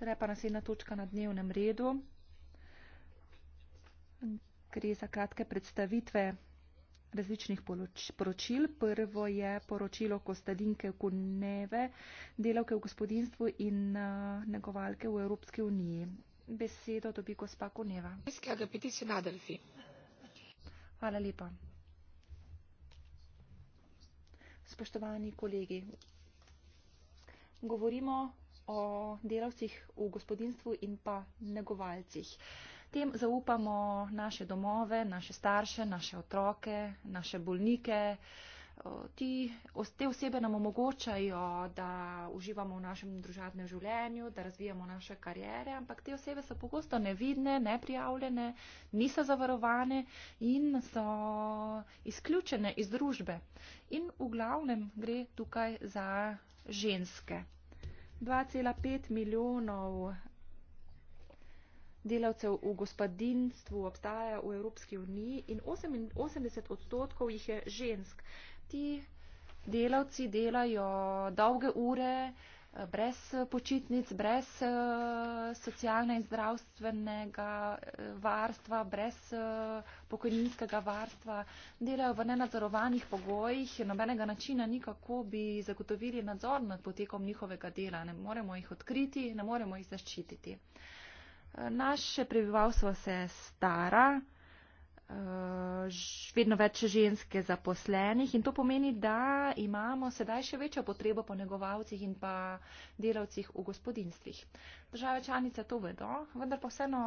Sedaj pa naslednja točka na dnevnem redu. Gre za kratke predstavitve različnih poročil. Prvo je poročilo Kostadinke Kuneve, delavke v gospodinstvu in negovalke v Evropski uniji. Besedo dobi gospa Kuneva. Hvala lepa. Spoštovani kolegi, govorimo o delavcih v gospodinstvu in pa negovalcih. Tem zaupamo naše domove, naše starše, naše otroke, naše bolnike. Ti, te osebe nam omogočajo, da uživamo v našem družabnem življenju, da razvijamo naše karijere, ampak te osebe so pogosto nevidne, neprijavljene, niso zavarovane in so izključene iz družbe. In v glavnem gre tukaj za ženske. 2,5 milijonov delavcev v gospodinstvu obstaja v Evropski uniji in 80 odstotkov jih je žensk. Ti delavci delajo dolge ure, brez počitnic, brez eh, socialne in zdravstvenega eh, varstva, brez eh, pokojninskega varstva, delajo v nenadzorovanih pogojih, nobenega načina nikako bi zagotovili nadzor nad potekom njihovega dela. Ne moremo jih odkriti, ne moremo jih zaščititi. Naše prebivalstvo se stara, uh, vedno več ženske zaposlenih in to pomeni, da imamo sedaj še večjo potrebo po negovalcih in pa delavcih v gospodinstvih. Države članice to vedo, vendar pa vseeno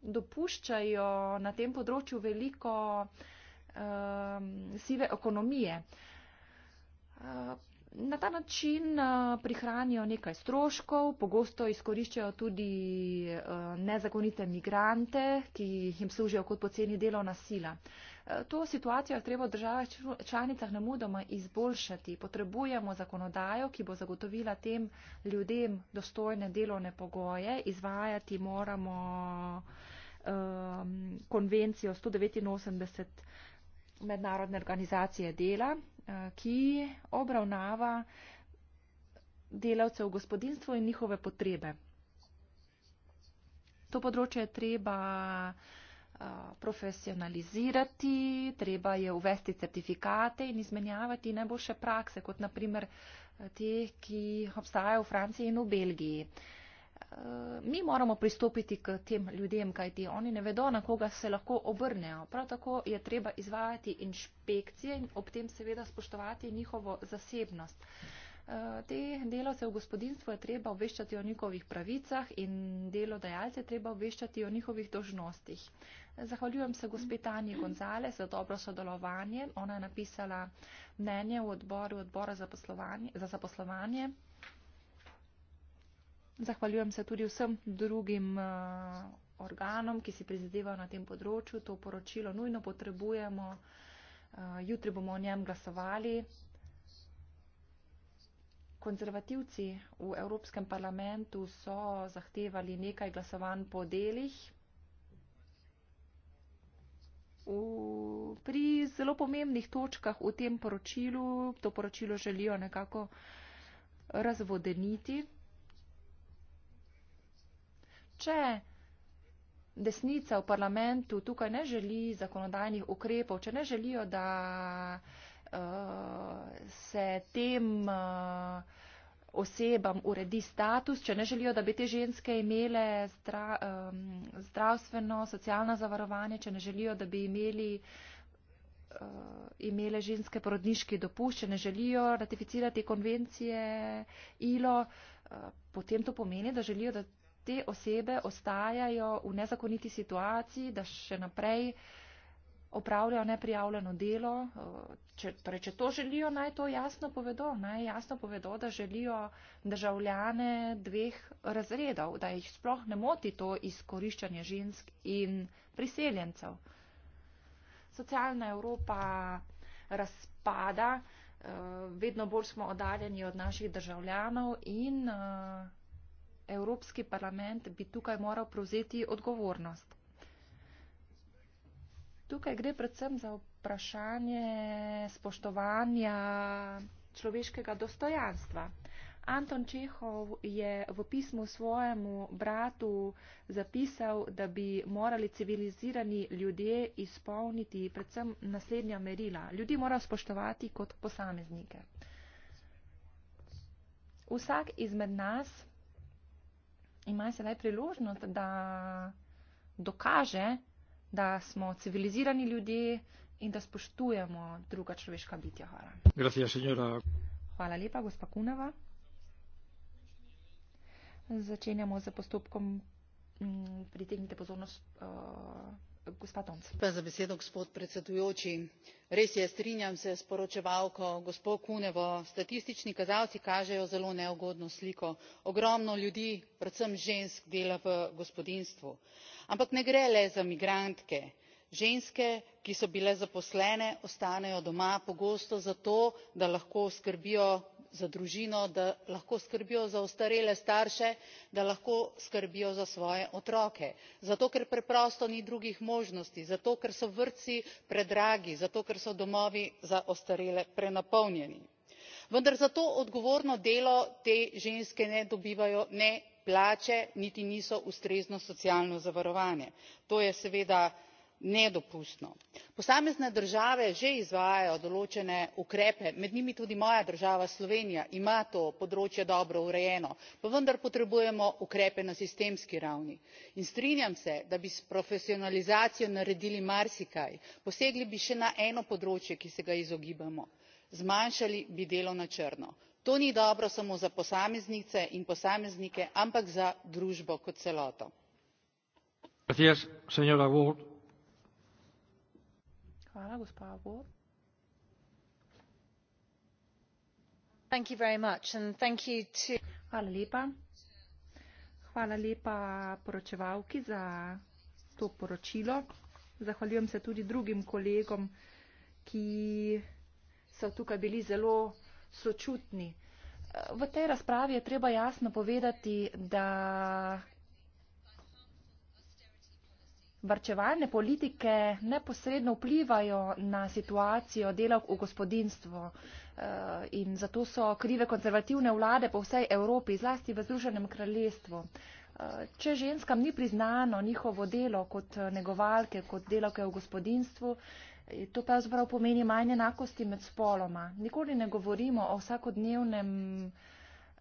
dopuščajo na tem področju veliko uh, sive ekonomije. Uh, Na ta način eh, prihranijo nekaj stroškov, pogosto izkoriščajo tudi eh, nezakonite migrante, ki jim služijo kot poceni delovna sila. Eh, to situacijo je treba v državah članicah namudoma izboljšati. Potrebujemo zakonodajo, ki bo zagotovila tem ljudem dostojne delovne pogoje. Izvajati moramo um, konvencijo 189 mednarodne organizacije dela, Eh, ki obravnava delavce v gospodinstvu in njihove potrebe. To področje je treba eh, profesionalizirati, treba je uvesti certifikate in izmenjavati najboljše prakse, kot naprimer eh, te, ki obstajajo v Franciji in v Belgiji. Uh, Eh, mi moramo pristopiti k tem ljudem, kajti oni ne vedo, na koga se lahko obrnejo. Prav tako je treba izvajati inšpekcije in ob tem seveda spoštovati njihovo zasebnost. Eh, te delavce v gospodinstvu je treba obveščati o njihovih pravicah in delodajalce treba obveščati o njihovih dožnostih. Zahvaljujem se gospetanji Gonzale za dobro sodelovanje. Ona je napisala mnenje v odboru odbora za zaposlovanje. Za Zahvaljujem se tudi vsem drugim eh, organom, ki si prizadevajo na tem področju. To poročilo nujno potrebujemo. Eh, jutri bomo o njem glasovali. Konzervativci v Evropskem parlamentu so zahtevali nekaj glasovanj po delih. V, pri zelo pomembnih točkah v tem poročilu to poročilo želijo nekako razvodeniti nihče desnica v parlamentu tukaj ne želi zakonodajnih ukrepov, če ne želijo, da uh, se tem uh, osebam uredi status, če ne želijo, da bi te ženske imele zdra, um, zdravstveno, socialno zavarovanje, če ne želijo, da bi imeli, uh, imele ženske porodniški dopust, če ne želijo ratificirati konvencije ILO, uh, potem to pomeni, da želijo, da te osebe ostajajo v nezakoniti situaciji, da še naprej opravljajo neprijavljeno delo. Eh, če, torej, če to želijo, naj to jasno povedo, naj jasno povedo, da želijo državljane dveh razredov, da jih sploh ne moti to izkoriščanje žensk in priseljencev. Socialna Evropa razpada, eh, vedno bolj smo oddaljeni od naših državljanov in eh, Evropski parlament bi tukaj moral prevzeti odgovornost. Tukaj gre predvsem za vprašanje spoštovanja človeškega dostojanstva. Anton Čehov je v pismu svojemu bratu zapisal, da bi morali civilizirani ljudje izpolniti predvsem naslednja merila. Ljudi mora spoštovati kot posameznike. Vsak izmed nas ima sedaj priložnost, da dokaže, da smo civilizirani ljudje in da spoštujemo druga človeška bitja. Hvala. Gracias, Hvala lepa, gospa Kunova. Začenjamo z postopkom, pritegnite pozornost. Uh, res je strinjam se s poročevalko gospo kunevo statistični kazalci kažejo zelo neugodno sliko ogromno ljudi predvsem žensk dela v gospodinjstvu. ampak ne gre le za migrantke ženske ki so bile zaposlene ostanejo doma pogosto zato da lahko skrbijo za otroke in družino za družino da lahko skrbijo za ostarele starše da lahko skrbijo za svoje otroke zato ker preprosto ni drugih možnosti zato ker so vrtci predragi zato ker so domovi za ostarele prenapolnjeni. vendar za to odgovorno delo te ženske ne dobivajo ne plače niti niso ustrezno socialno zavarovane. to je seveda posamezne države že izvajajo določene ukrepe med njimi tudi moja država slovenija ima to področje dobro urejeno pa vendar potrebujemo ukrepe na sistemski ravni in strinjam se da bi s profesionalizacijo naredili marsikaj posegli bi še na eno področje ki se ga izogibamo zmanjšali bi delo na črno to ni dobro samo za posameznice in posameznike ampak za družbo kot celoto. Hvala, gospa Vod. Thank you very much and thank you to... Hvala lepa. Hvala lepa poročevalki za to poročilo. Zahvaljujem se tudi drugim kolegom, ki so tukaj bili zelo sočutni. V tej razpravi je treba jasno povedati, da varčevalne politike neposredno vplivajo na situacijo delavk v gospodinstvu eh, in zato so krive konzervativne vlade po vsej Evropi, zlasti v Združenem kraljestvu. Eh, če ženskam ni priznano njihovo delo kot eh, negovalke, kot delavke v gospodinstvu, to pravzaprav pomeni manj enakosti med spoloma. Nikoli ne govorimo o vsakodnevnem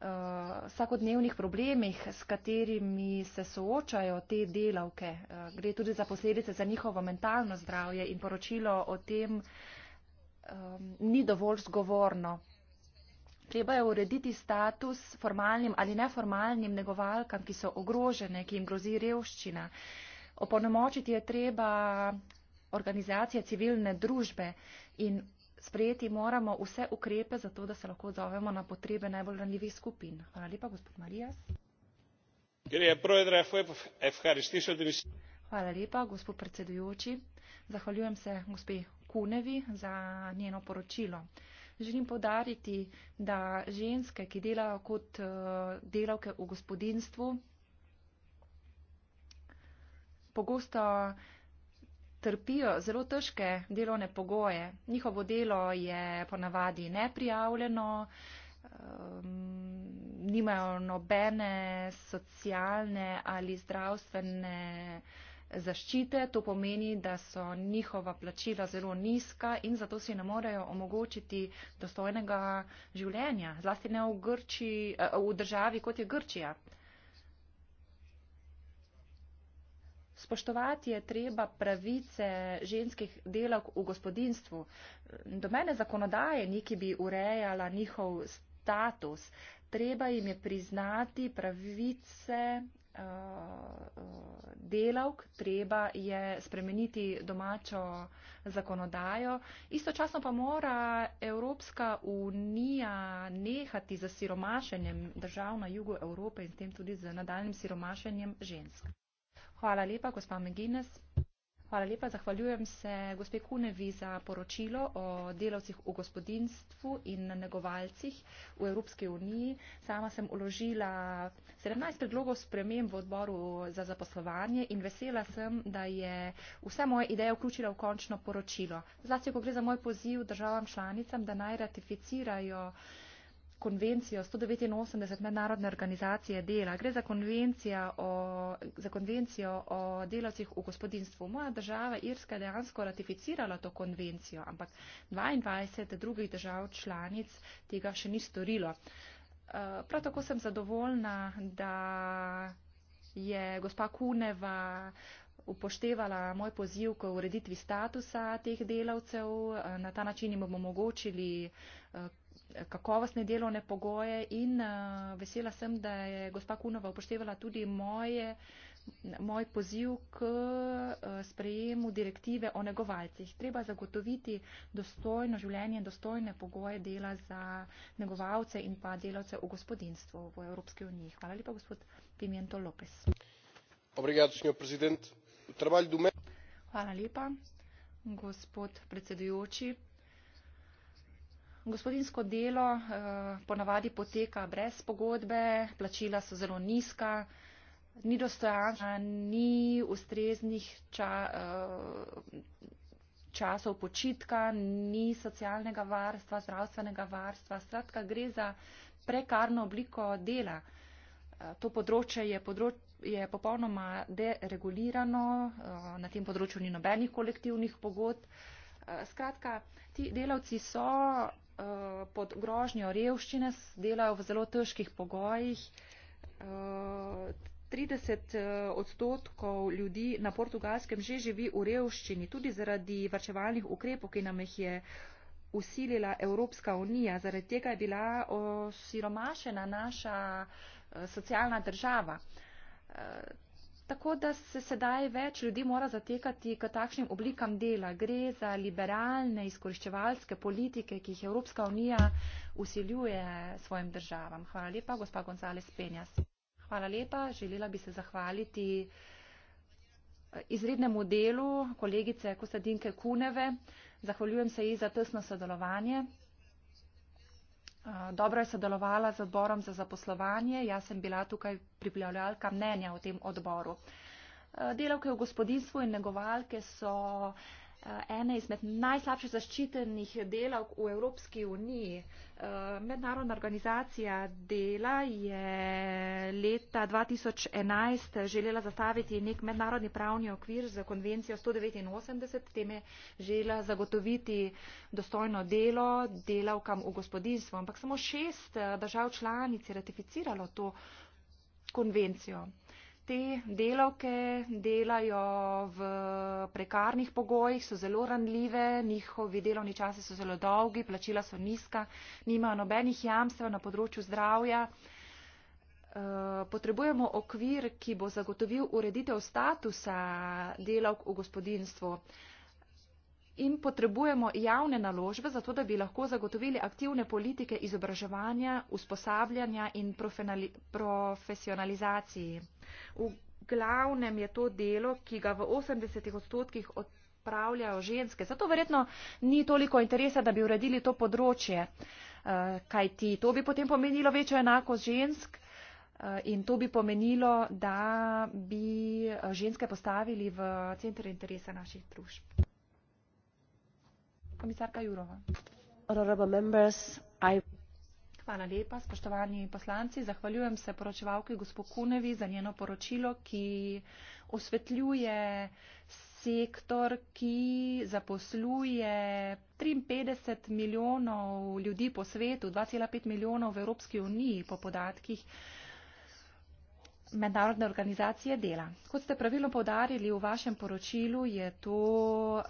uh, vsakodnevnih problemih, s katerimi se soočajo te delavke. Uh, gre tudi za posledice za njihovo mentalno zdravje in poročilo o tem um, ni dovolj zgovorno. Treba je urediti status formalnim ali neformalnim negovalkam, ki so ogrožene, ki jim grozi revščina. Opolnomočiti je treba organizacije civilne družbe in sprejeti moramo vse ukrepe za to, da se lahko odzovemo na potrebe najbolj ranljivih skupin. Hvala lepa, gospod Marijas. Hvala lepa, gospod predsedujoči. Zahvaljujem se gospe Kunevi za njeno poročilo. Želim povdariti, da ženske, ki delajo kot eh, delavke v gospodinstvu, pogosto trpijo zelo težke delovne pogoje. Njihovo delo je ponavadi neprijavljeno, um, nimajo nobene socialne ali zdravstvene zaščite, to pomeni, da so njihova plačila zelo nizka in zato si ne morejo omogočiti dostojnega življenja, zlasti ne v, Grči, eh, v državi kot je Grčija. Spoštovati je treba pravice ženskih delavk v gospodinstvu. Do mene zakonodaje ni, ki bi urejala njihov status. Treba jim je priznati pravice eh, eh, delavk, treba je spremeniti domačo zakonodajo. Istočasno pa mora Evropska unija nehati za siromašenjem držav na jugu Evrope in s tem tudi za nadaljnim siromašenjem žensk. Hvala lepa, gospa McGuinness. Hvala lepa, zahvaljujem se gospe Kunevi za poročilo o delavcih v gospodinstvu in negovalcih v Evropski uniji. Sama sem uložila 17 predlogov sprememb v odboru za zaposlovanje in vesela sem, da je vse moje ideje vključila v končno poročilo. Zlasti, ko gre za moj poziv državam članicam, da naj ratificirajo konvencijo 189 mednarodne organizacije dela. Gre za konvencijo o, za konvencijo o delavcih v gospodinstvu. Moja država Irska je dejansko ratificirala to konvencijo, ampak 22 drugih držav članic tega še ni storilo. Eh, prav tako sem zadovoljna, da je gospa Kuneva upoštevala moj poziv k ureditvi statusa teh delavcev. Eh, na ta način jim bomo omogočili eh, kakovostne delovne pogoje in eh, vesela sem, da je gospa Kunova upoštevala tudi moje, moj poziv k eh, sprejemu direktive o negovalcih. Treba zagotoviti dostojno življenje in dostojne pogoje dela za negovalce in pa delavce v gospodinstvu v Evropski uniji. Hvala lepa, gospod Pimiento Lopes. Hvala lepa, gospod predsedujoči. Gospodinsko delo eh, ponavadi poteka brez pogodbe, plačila so zelo nizka, ni dostojanstva, ni ustreznih ča, eh, časov počitka, ni socialnega varstva, zdravstvenega varstva. Skratka, gre za prekarno obliko dela. Eh, to področje je, področ je popolnoma deregulirano, na tem področju ni nobenih kolektivnih pogod. Skratka, ti delavci so Eh, pod grožnjo revščine, delajo v zelo težkih pogojih. 30 eh, eh, odstotkov ljudi na portugalskem že živi v revščini, tudi zaradi varčevalnih ukrepov, ki nam jih je usilila Evropska unija. Zaradi tega je bila osiromašena naša socialna država. Tako da se sedaj več ljudi mora zatekati k takšnim oblikam dela. Gre za liberalne izkoriščevalske politike, ki jih Evropska unija usiljuje svojim državam. Hvala lepa, gospa González Penjas. Hvala lepa. Želela bi se zahvaliti eh, izrednemu delu kolegice Kostadinke Kuneve. Zahvaljujem se ji za tesno sodelovanje. Dobro je sodelovala z odborom za zaposlovanje, jaz sem bila tukaj pripravljalka mnenja o tem odboru. Delavke v gospodinstvu in negovalke so Eh, ene izmed najslabše zaščitenih delavk v Evropski uniji. Eh, mednarodna organizacija dela je leta 2011 želela zastaviti nek mednarodni pravni okvir za konvencijo 189, teme želela zagotoviti dostojno delo delavkam v gospodinstvu, ampak samo šest eh, držav članic je ratificiralo to konvencijo te delavke delajo v prekarnih pogojih, so zelo randljive, njihovi delovni časi so zelo dolgi, plačila so nizka, nimajo nobenih jamstva na področju zdravja. Eh, potrebujemo okvir, ki bo zagotovil ureditev statusa delavk v gospodinstvu in potrebujemo javne naložbe, zato da bi lahko zagotovili aktivne politike izobraževanja, usposabljanja in profesionalizaciji. V glavnem je to delo, ki ga v 80 odstotkih odpravljajo ženske. Zato verjetno ni toliko interesa, da bi uredili to področje, eh, kaj ti. To bi potem pomenilo večjo enakost žensk. Eh, in to bi pomenilo, da bi eh, ženske postavili v center interesa naših družb komisarka Jurova. Hvala lepa, spoštovani poslanci. Zahvaljujem se poročevalki gospod Kunevi za njeno poročilo, ki osvetljuje sektor, ki zaposluje 53 milijonov ljudi po svetu, 2,5 milijonov v Evropski uniji po podatkih mednarodne organizacije dela. Kot ste pravilno povdarili v vašem poročilu, je to uh,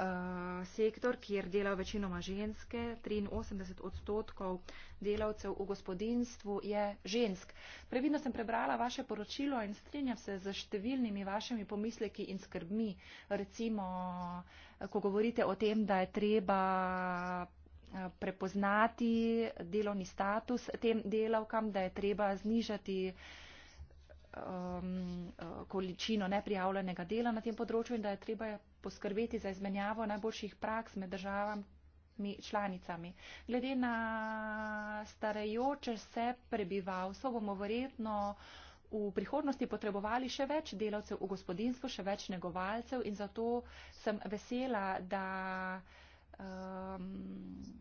sektor, kjer delajo večinoma ženske. 83 odstotkov delavcev v gospodinstvu je žensk. Previdno sem prebrala vaše poročilo in strinjam se z številnimi vašimi pomisleki in skrbmi. Recimo, eh, ko govorite o tem, da je treba eh, prepoznati delovni status tem delavkam, da je treba znižati uh, um, uh, količino neprijavljenega dela na tem področju in da je treba poskrbeti za izmenjavo najboljših praks med državami članicami. Glede na starajoče se prebivalstvo bomo verjetno v prihodnosti potrebovali še več delavcev v gospodinstvu, še več negovalcev in zato sem vesela, da. Um,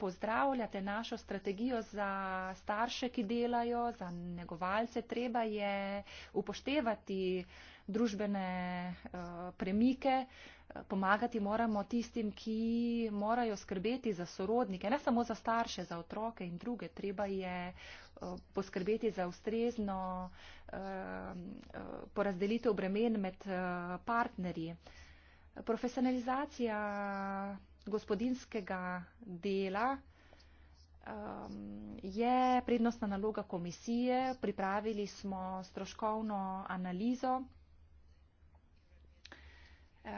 pozdravljate našo strategijo za starše, ki delajo, za negovalce. Treba je upoštevati družbene uh, premike, eh, pomagati moramo tistim, ki morajo skrbeti za sorodnike, ne samo za starše, za otroke in druge. Treba je uh, poskrbeti za ustrezno uh, uh, porazdelitev bremen med uh, partnerji. Profesionalizacija gospodinskega dela um, je prednostna naloga komisije. Pripravili smo stroškovno analizo uh,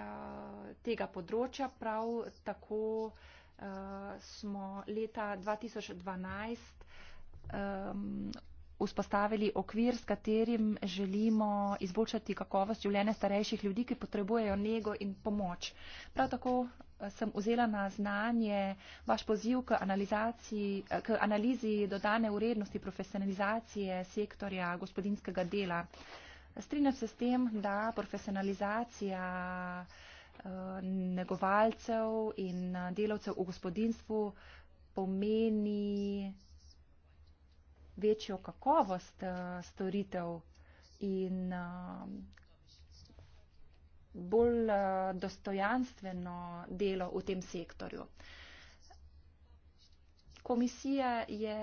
tega področja. Prav tako uh, smo leta 2012 um, vzpostavili okvir, s katerim želimo izboljšati kakovost življenja starejših ljudi, ki potrebujejo nego in pomoč. Prav tako sem vzela na znanje vaš poziv k, k analizi dodane urednosti profesionalizacije sektorja gospodinskega dela. Strinjam se s tem, da profesionalizacija eh, negovalcev in eh, delavcev v gospodinstvu pomeni večjo kakovost eh, storitev in bolj eh, dostojanstveno delo v tem sektorju. Komisija je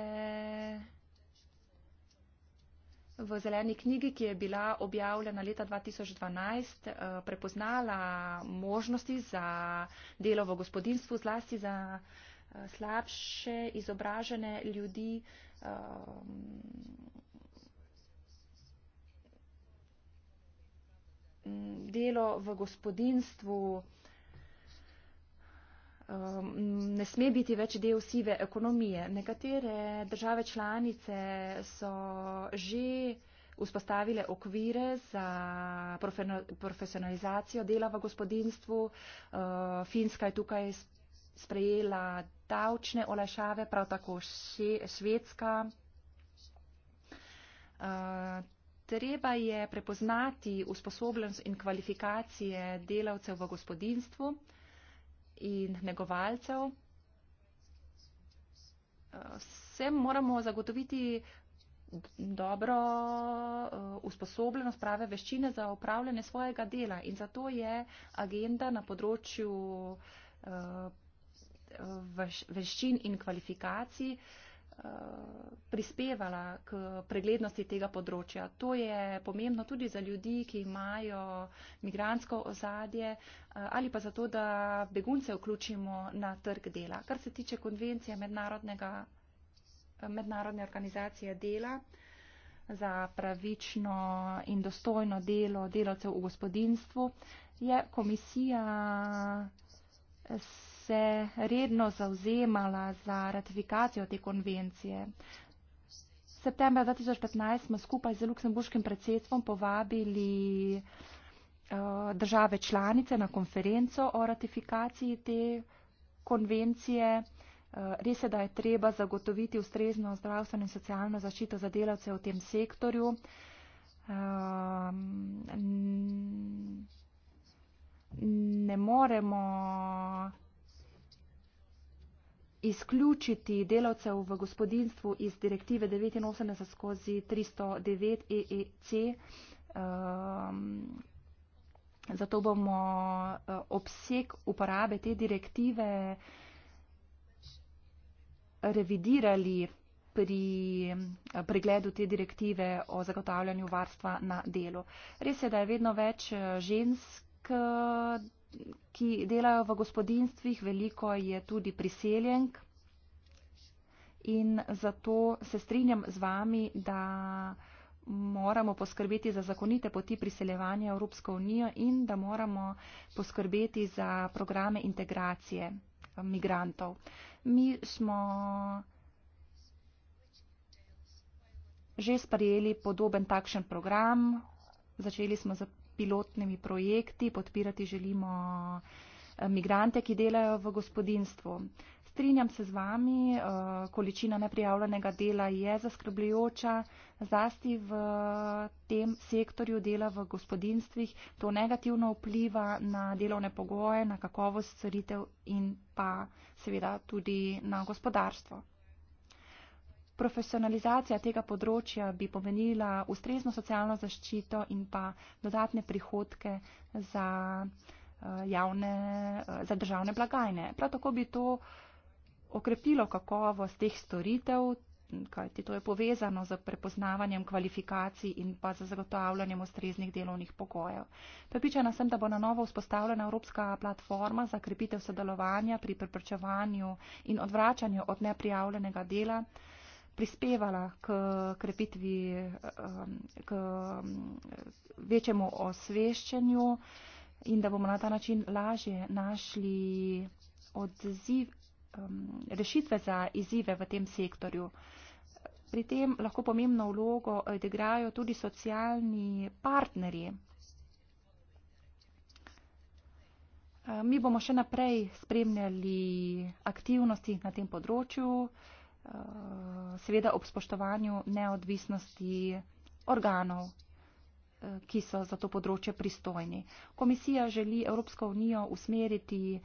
v zeleni knjigi, ki je bila objavljena leta 2012, eh, prepoznala možnosti za delo v gospodinstvu, zlasti za eh, slabše izobražene ljudi. Mm, delo v gospodinstvu um, ne sme biti več del sive ekonomije. Nekatere države članice so že vzpostavile okvire za profesionalizacijo dela v gospodinstvu. Uh, Finska je tukaj sprejela davčne olajšave, prav tako Švedska. Uh, Treba je prepoznati usposobljenost in kvalifikacije delavcev v gospodinstvu in negovalcev. Vsem moramo zagotoviti dobro eh, usposobljenost, prave veščine za upravljanje svojega dela in zato je agenda na področju eh, veščin in kvalifikacij uh, prispevala k preglednosti tega področja. To je pomembno tudi za ljudi, ki imajo migransko ozadje eh, ali pa zato, da begunce vključimo na trg dela. Kar se tiče konvencije mednarodne organizacije dela za pravično in dostojno delo delavcev v gospodinstvu, je komisija se redno zauzemala za ratifikacijo te konvencije. Septembra 2015 smo skupaj z luksemburškim predsedstvom povabili eh, države članice na konferenco o ratifikaciji te konvencije. Eh, res je, da je treba zagotoviti ustrezno zdravstveno in socialno zaščito za delavce v tem sektorju. Eh, ne moremo izključiti delavcev v gospodinstvu iz direktive 89 skozi 309 EEC. Um, zato bomo e, obseg uporabe te direktive revidirali pri e, pregledu te direktive o zagotavljanju varstva na delu. Res je, da je vedno več e, žensk ki delajo v gospodinstvih, veliko je tudi priseljenk. In zato se strinjam z vami, da moramo poskrbeti za zakonite poti priseljevanja Evropsko unijo in da moramo poskrbeti za programe integracije eh, migrantov. Mi smo že sprejeli podoben takšen program, začeli smo z pilotnimi projekti, podpirati želimo eh, migrante, ki delajo v gospodinstvu. Strinjam se z vami, eh, količina neprijavljenega dela je zaskrbljujoča, zlasti v tem sektorju dela v gospodinstvih. To negativno vpliva na delovne pogoje, na kakovost storitev in pa seveda tudi na gospodarstvo. Profesionalizacija tega področja bi pomenila ustrezno socialno zaščito in pa dodatne prihodke za, eh, javne, eh, za državne blagajne. Prav tako bi to okrepilo kakovost teh storitev, kajti to je povezano z prepoznavanjem kvalifikacij in pa z zagotavljanjem ustreznih delovnih pogojev. Pripričana sem, da bo na novo vzpostavljena Evropska platforma za krepitev sodelovanja pri preprečevanju in odvračanju od neprijavljenega dela prispevala k krepitvi, um, k um, večjemu osveščanju in da bomo na ta način lažje našli odziv, um, rešitve za izzive v tem sektorju. Pri tem lahko pomembno vlogo odigrajo tudi socialni partnerji. Uh, mi bomo še naprej spremljali aktivnosti na tem področju seveda ob spoštovanju neodvisnosti organov, eh, ki so za to področje pristojni. Komisija želi Evropsko unijo usmeriti eh,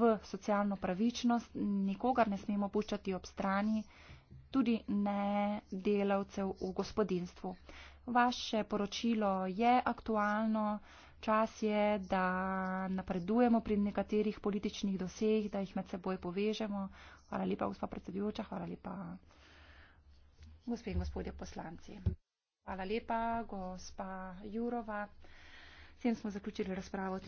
v socialno pravičnost, nikogar ne smemo puščati ob strani, tudi ne delavcev v gospodinstvu. Vaše poročilo je aktualno, čas je, da napredujemo pri nekaterih političnih dosejih, da jih med seboj povežemo. Hvala lepa, gospa predsedujoča, hvala lepa, gospe in gospodje poslanci. Hvala lepa, gospa Jurova. S tem smo zaključili razpravo.